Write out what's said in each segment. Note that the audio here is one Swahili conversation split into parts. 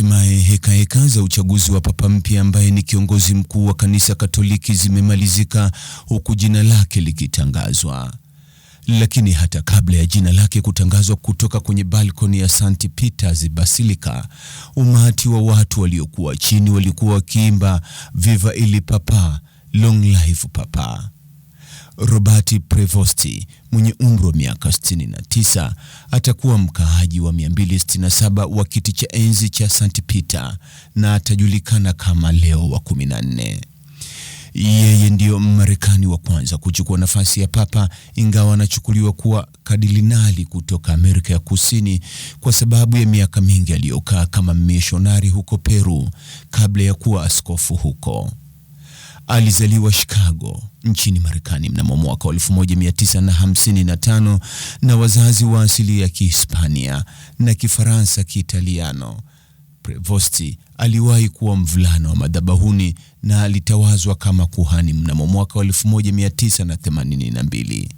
Hatimaye hekaheka za uchaguzi wa papa mpya ambaye ni kiongozi mkuu wa kanisa Katoliki zimemalizika huku jina lake likitangazwa. Lakini hata kabla ya jina lake kutangazwa kutoka kwenye balkoni ya St. Peter's Basilica, umati wa watu waliokuwa chini walikuwa wakiimba Viva ili Papa, Long Life Papa. Robert prevosti mwenye umri wa miaka 69 atakuwa mkaaji wa 267 wa kiti cha enzi cha St. Peter na atajulikana kama Leo wa 14. Yeye ndiyo Mmarekani wa kwanza kuchukua nafasi ya papa, ingawa anachukuliwa kuwa kadilinali kutoka Amerika ya Kusini kwa sababu ya miaka mingi aliyokaa kama mishonari huko Peru kabla ya kuwa askofu huko. Alizaliwa Chicago nchini Marekani mnamo mwaka 1955 na, wazazi wa asili ya Kihispania na Kifaransa Kiitaliano. Prevosti aliwahi kuwa mvulana wa madhabahuni na alitawazwa kama kuhani mnamo mwaka 1982.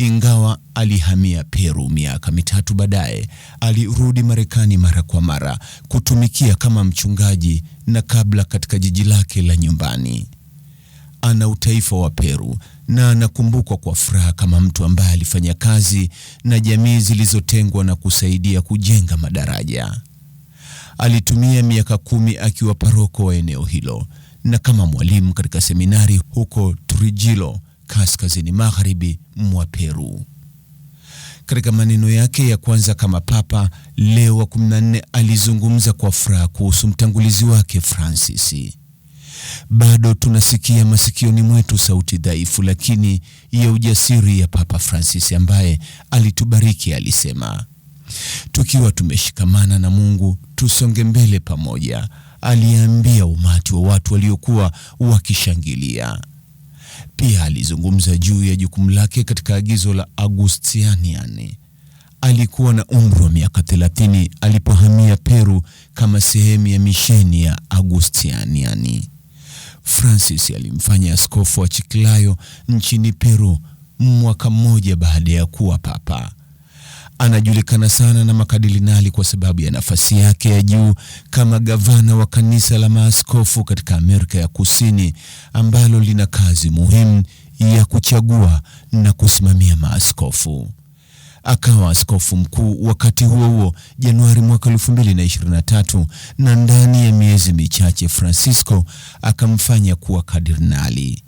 Ingawa alihamia Peru miaka mitatu baadaye, alirudi Marekani mara kwa mara kutumikia kama mchungaji na kabla katika jiji lake la nyumbani. Ana utaifa wa Peru na anakumbukwa kwa furaha kama mtu ambaye alifanya kazi na jamii zilizotengwa na kusaidia kujenga madaraja. Alitumia miaka kumi akiwa paroko wa eneo hilo na kama mwalimu katika seminari huko Trujillo kaskazini magharibi mwa Peru. Katika maneno yake ya kwanza kama Papa Leo wa 14 alizungumza kwa furaha kuhusu mtangulizi wake Francis. Bado tunasikia masikioni mwetu sauti dhaifu lakini ya ujasiri ya Papa Francis ambaye alitubariki, alisema. Tukiwa tumeshikamana na Mungu tusonge mbele pamoja, aliambia umati wa watu waliokuwa wakishangilia. Pia alizungumza juu ya jukumu lake katika agizo la Augustinian. Alikuwa na umri wa miaka 30 alipohamia Peru kama sehemu ya misheni ya Augustinian. Francis alimfanya askofu wa Chiclayo nchini Peru mwaka mmoja baada ya kuwa papa. Anajulikana sana na makadilinali kwa sababu ya nafasi yake ya juu kama gavana wa kanisa la maaskofu katika Amerika ya Kusini ambalo lina kazi muhimu ya kuchagua na kusimamia maaskofu. Akawa askofu mkuu wakati huo huo Januari mwaka 2023, na ndani ya miezi michache Francisco akamfanya kuwa kadirinali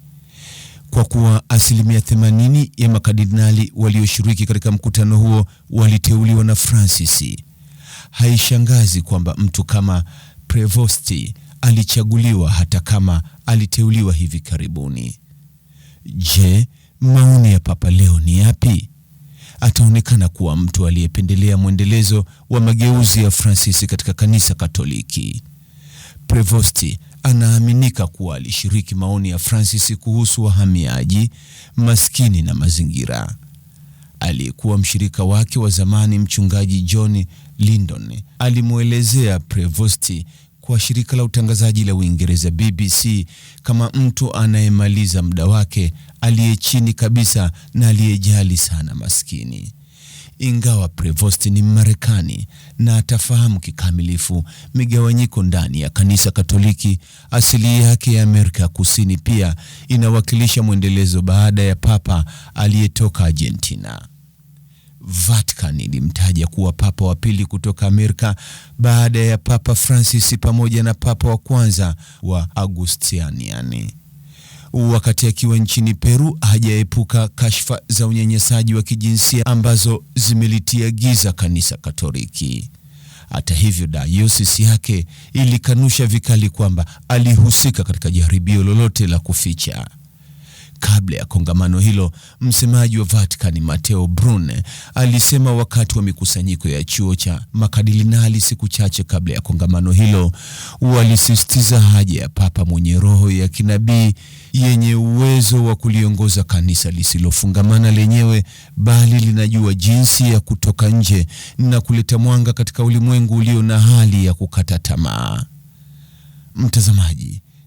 kwa kuwa asilimia 80 ya makadinali walioshiriki katika mkutano huo waliteuliwa na Francis. Haishangazi kwamba mtu kama Prevost alichaguliwa hata kama aliteuliwa hivi karibuni. Je, maoni ya Papa Leo ni yapi? Ataonekana kuwa mtu aliyependelea mwendelezo wa mageuzi ya Francis katika kanisa Katoliki. Prevost anaaminika kuwa alishiriki maoni ya Francis kuhusu wahamiaji, maskini na mazingira. Aliyekuwa mshirika wake wa zamani mchungaji John Lindon alimwelezea Prevost kwa shirika la utangazaji la Uingereza BBC kama mtu anayemaliza muda wake, aliye chini kabisa na aliyejali sana maskini ingawa Prevost ni Mmarekani na atafahamu kikamilifu migawanyiko ndani ya Kanisa Katoliki, asili yake ya Amerika Kusini pia inawakilisha mwendelezo baada ya Papa aliyetoka Argentina. Vatican ilimtaja kuwa papa wa pili kutoka Amerika baada ya Papa Francis pamoja na Papa wa kwanza wa Augustiniani wakati akiwa nchini Peru hajaepuka kashfa za unyanyasaji wa kijinsia ambazo zimelitia giza kanisa Katoliki. Hata hivyo, dayosisi yake ilikanusha vikali kwamba alihusika katika jaribio lolote la kuficha Kabla ya kongamano hilo, msemaji wa Vatican Matteo Brune alisema wakati wa mikusanyiko ya chuo cha makadilinali siku chache kabla ya kongamano hilo, walisisitiza haja ya papa mwenye roho ya kinabii yenye uwezo wa kuliongoza kanisa lisilofungamana lenyewe, bali linajua jinsi ya kutoka nje na kuleta mwanga katika ulimwengu ulio na hali ya kukata tamaa. Mtazamaji,